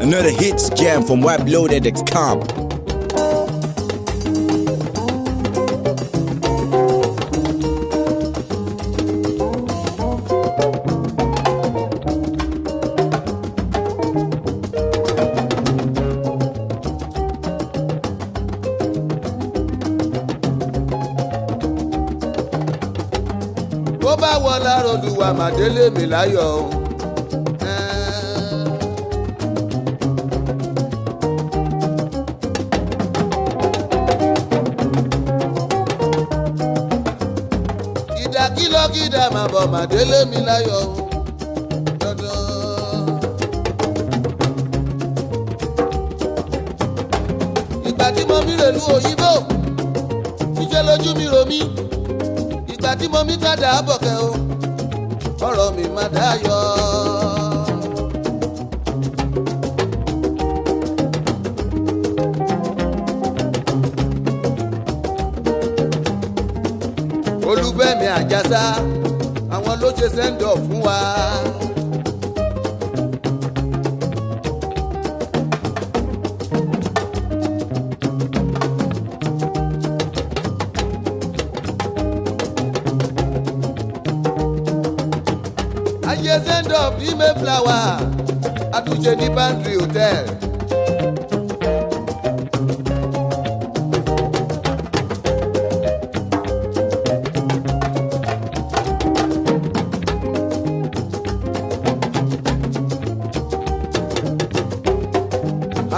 Another hits jam from White bó bá wọ lára olúwa màdélé mi láyọ̀ o. ìdákílọ́gídà máa bọ̀ màdélé mi láyọ̀ o. ìgbà tí mo mi rèlú òyìnbó ṣíṣe lójú mi rò mí ìgbà tí mo mi padà bọ̀kẹ́ o ọ̀rọ̀ mi má dáyọ̀. olúbẹ̀mí àjàsà àwọn ló ṣe send fún wa. ní flower àtúnṣe ní Boundary Hotel.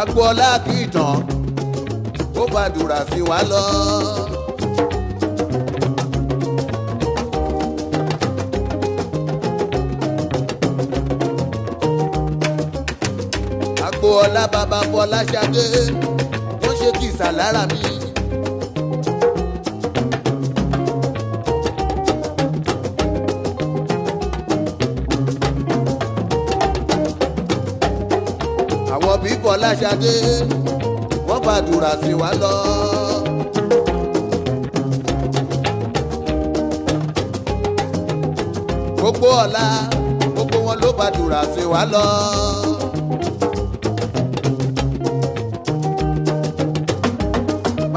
agboola kìtàn ó gbàdúrà sí wa lọ. ọlá bàbá fọláṣadé wọ́n ṣe kìsà lára mi. àwọn bí fọláṣadé wọ́n gbàdúrà sí wa lọ. gbogbo ọ̀la gbogbo wọn ló gbàdúrà sí wa lọ.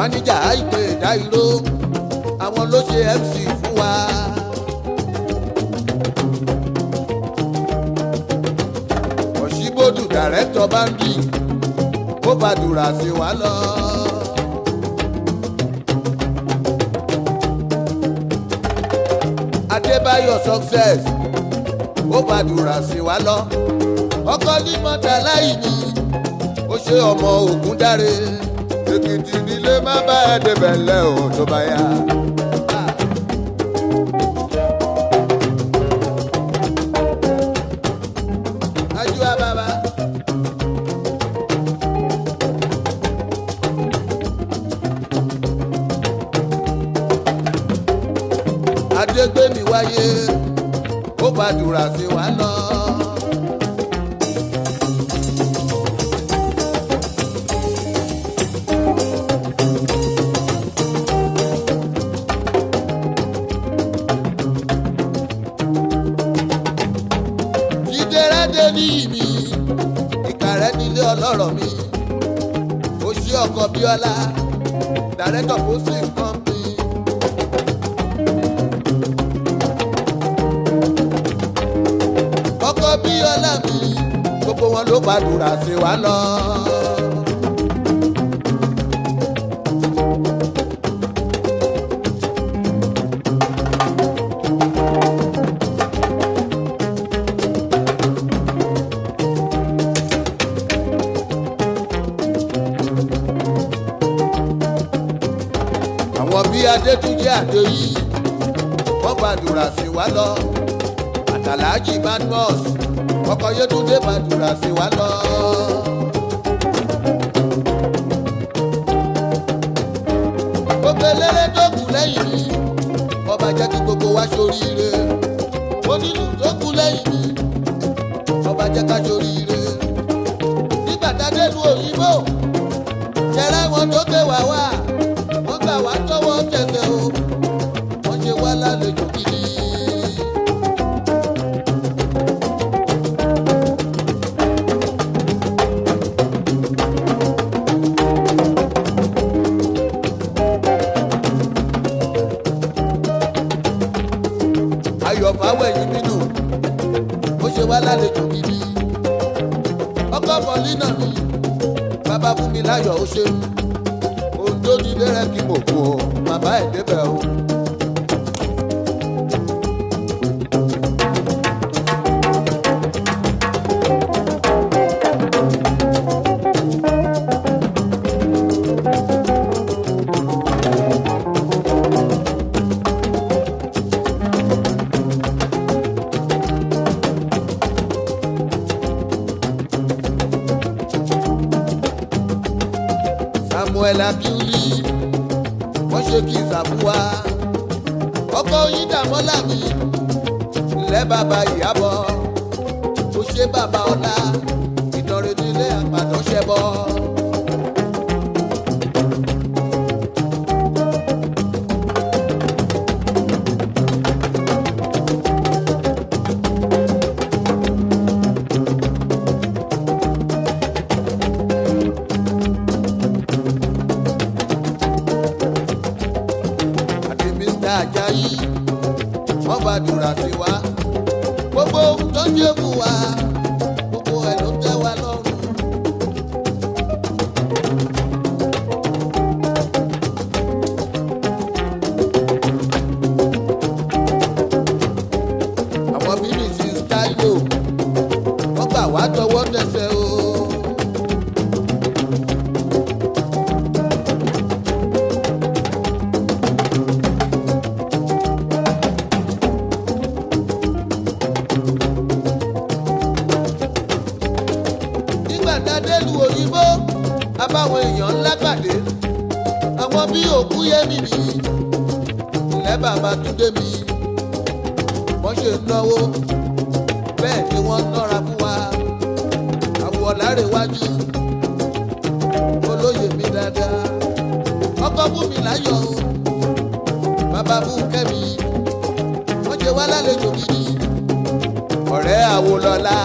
máníjà àìpé ìdáìró àwọn ló ṣe MC fún wa. òṣìbodù dàrẹ́tọ̀ báńdì ó bàdùrà sí wa lọ. adébáyọ̀ success ó bàdùrà sí wa lọ ọkọ ní mọ́tà láì ní ó ṣe ọmọ ògúndáre tìdílé má bá a débẹ̀ lẹ́ o tó bá yá. adégbèmí wáyé ó gbàdúrà sí wa náà. Abiola director posting company. ọkọ Bíọ́lá mi gbogbo wọn ló gbàdúrà sí wa lọ. adétúnjì àdéyí wọ́n gbàdúrà sí wa lọ àtàlájì magnus ọkọ̀ yétúndé gbàdúrà sí wa lọ. gbogbo eléré tó kù lẹ́yìn mi ọba jẹ́ kí gbogbo wa ṣoríire onílù tó kù lẹ́yìn mi ọba jẹ́ ká ṣoríire. ọ̀fáwẹ̀yìn bínú ó ṣe wá lálejò gidi ọkọ bọ̀lì náà ni bàbá fún mi láyọ̀ ó ṣeun òǹdó nílé rẹ kí mo kú o bàbá ẹ̀ débẹ̀ o. Samuel Abiuli wọ́n ṣe kí Sàbúwà ọkọ yín dàmọ́là mi ilẹ̀ bàbá Ìyábọ̀ kò ṣe bàbá ọlá ìdánrẹ́ nílé àgbàdo ṣẹbọ. Àjàyí wọ́n gbàdúrà sí wa gbogbo ohun tó jẹ́ mu wa. àtàdélù òyìnbó abáwọn èèyàn ńlá pàdé àwọn bí òkú yẹmí mi ilẹ̀ bàbá túndé mi wọ́n ṣe náwó bẹ́ẹ̀ ni wọ́n nọ́ra fún wa àwọ̀ lárẹ̀wájú olóyè mi dáadáa ọkọ bú mi láyọ̀ bàbá bú kẹ́mi wọ́n ṣe wá lálejò gidi ọ̀rẹ́ àwòlọ́lá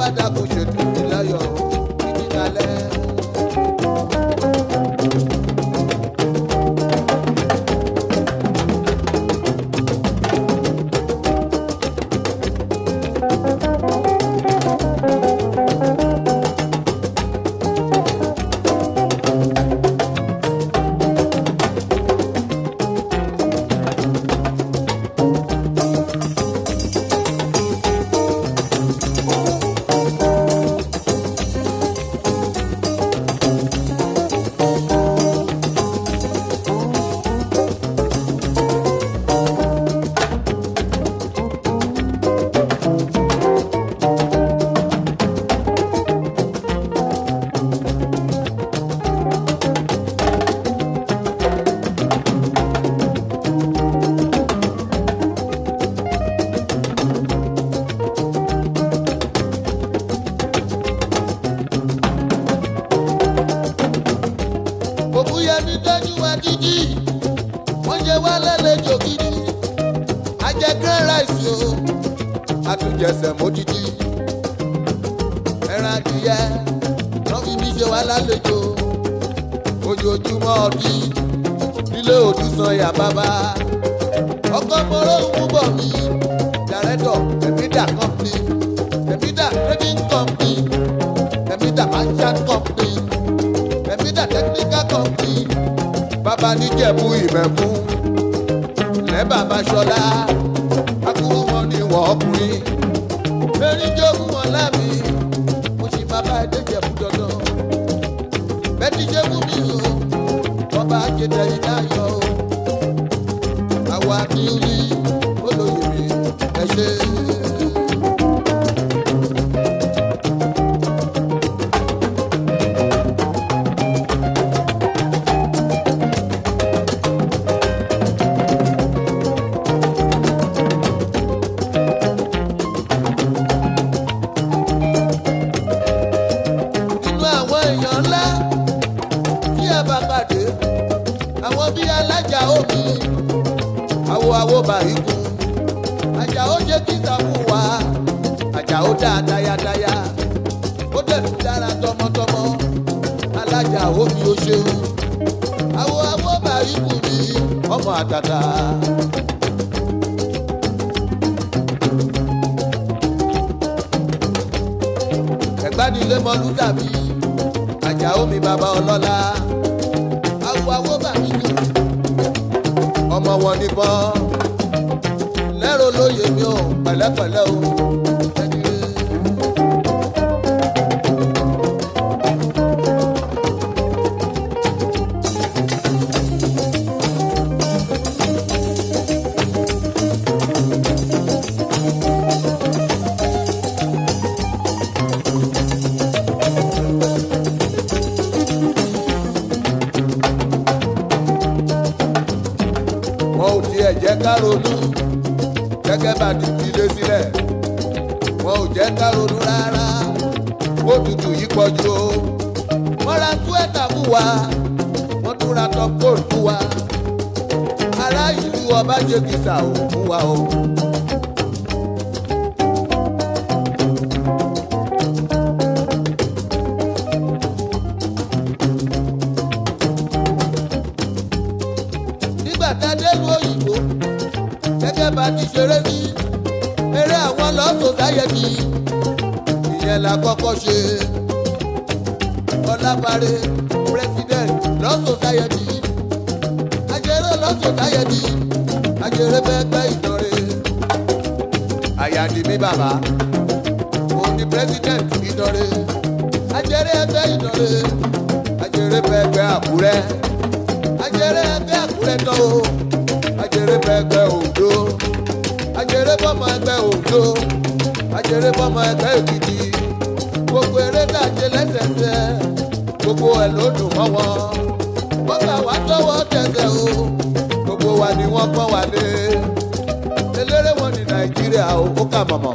aláwàdà kò ṣètò ìláyọ̀ ìdílálẹ́. àtúnjẹsẹ̀ módìdí. ẹran adìyẹ wọ́n fi mí ṣe wá lálejò ojoojúmọ́ ọdí nílé òdùsàn yà bàbá. ọkọ mọ́rọ́ ń bọ̀ mí dàrẹ́tọ̀ tẹ̀mídà kọ́mpì tẹ̀mídà trading kọ́mpì tẹ̀mídà merchant kọ́mpì tẹ̀mídà technical kọ́mpì bàbá níjẹ̀bú ìmẹ̀kú lẹ́ bàbá ṣọlá wọ ọkùnrin. Mary jogún ọlá mi, mo ṣì bàbá Adéjẹ̀bú dandan. Bẹ́ẹ̀ni jogún mi o, ọba Ajẹ́dẹ́ iná yọ o. Àwa kí n rí olóyè mi, ẹ ṣe é. Awo awó bàríkù Àjàó jẹ́ kíkà fún wa Àjàó dá dayadaya ó dẹ̀bi dára tọmọtọmọ alájà omi ó ṣeun awó awó bàríkù ni ọmọ àtàtà. ìgbádìílé mọlú dàbí Àjàó mi bàbá ọlọ́lá awo awo bàbí ọmọ wọn níbọn ẹ̀rọ lóye mi ò pẹ̀lẹ́pẹ̀lẹ́ o. Claro. fún wa wọ́n tún ra top gold fún wa ará ìlú ọbàjẹ́kìsà ò fún wa o. nígbà tá a dé lu òyìnbó gẹ́gẹ́ bá ti ṣeré sí eré àwọn lọ́sọ̀ sáyẹ̀dì ìyẹn la kọ́kọ́ ṣe ọlábàárẹ̀ love society ajere love society ajere pẹpẹ ìtọrẹ àyàdì mi bàbá òun ni president ìtọrẹ ajere ẹgbẹ ìtọrẹ ajere pẹpẹ àkúrẹ́ ajere ẹgbẹ àkúrẹ́ tán o ajere pẹpẹ òdo ajere bọmọ ẹgbẹ òdo ajere bọmọ ẹgbẹ èkìtì gbogbo eré dàjẹ lẹ́sẹẹsẹ gbogbo ẹ̀ ló dùn mọ́ wọn. lọ́wọ́ tẹ̀sẹ̀ o gbogbo wa ni wọ́n kọ́ wa lé eléré wọn ni Nàìjíríà o ó kà mọ̀mọ́.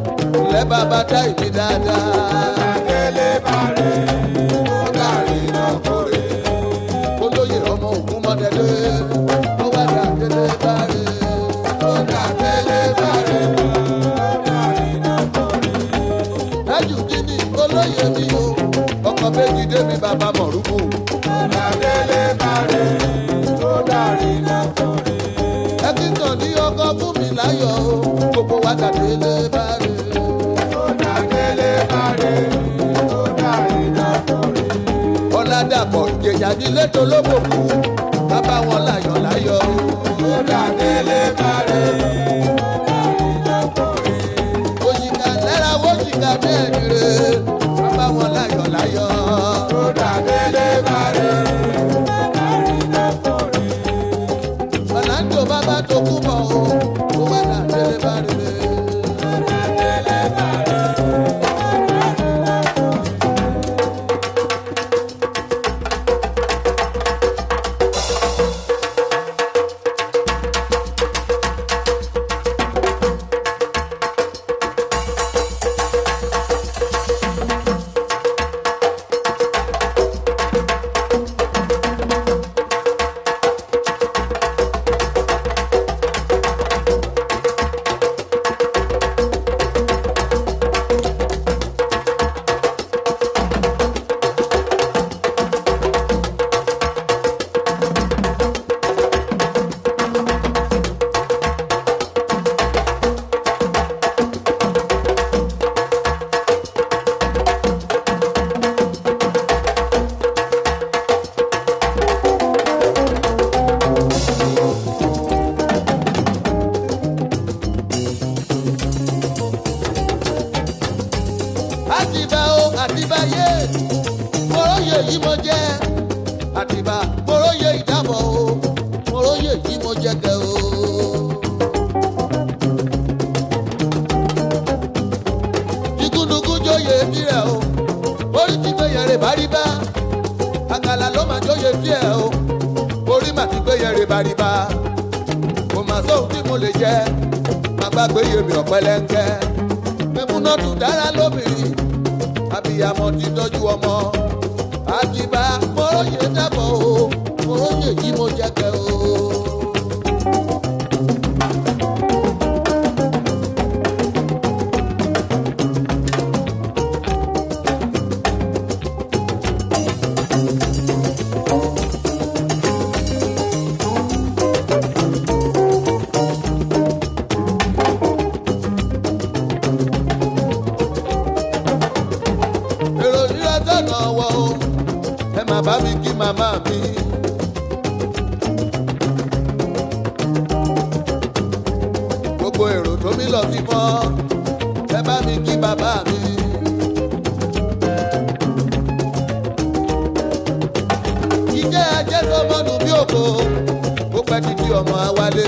lẹ́ bàbá dá ìbí dáadáa. Bàbá délé ìyàdílé tó lóbòkú bàbá wọn láyọ̀ láyọ̀ ó dàdélé kárẹ́. pẹlẹnkẹ mẹkúnná tún dára lóbìnrin abiyamọ ti tọ́jú ọmọ àtibá mọ́rọ́yè dábọ̀ o mọ́rọ́yè yìí mo jẹ́ kẹ́. má bá mi kí màmá mi. gbogbo èrò tó mi lọ sí fọ́ ẹ bá mi kí bàbá mi. iṣẹ́ ajé tó bí òkò ó pẹ́ títí ọmọ awálé.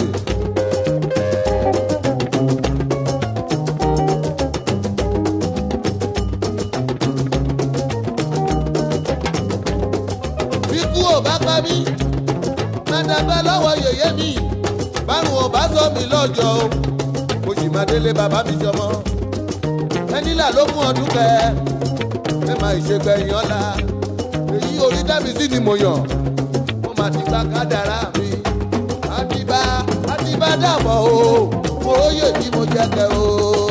bá sọ mí lọ́jọ́ o mo sì máa délé bàbá mi jọmọ ẹnìlá ló mú ọdún kẹ ẹ máa ìṣègbẹ̀yìn ọ̀la èyí orí dábì sí ni mo yàn mo máa ti gba kádàrá mi àtibá àtibá dàbọ̀ o mo róye bí mo jẹ́ kẹ́ o.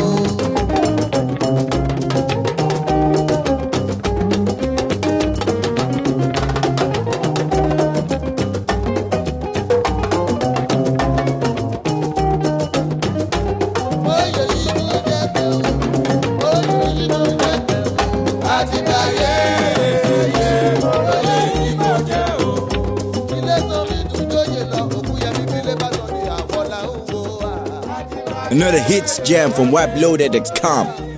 Another hits jam from WebLoaded.com.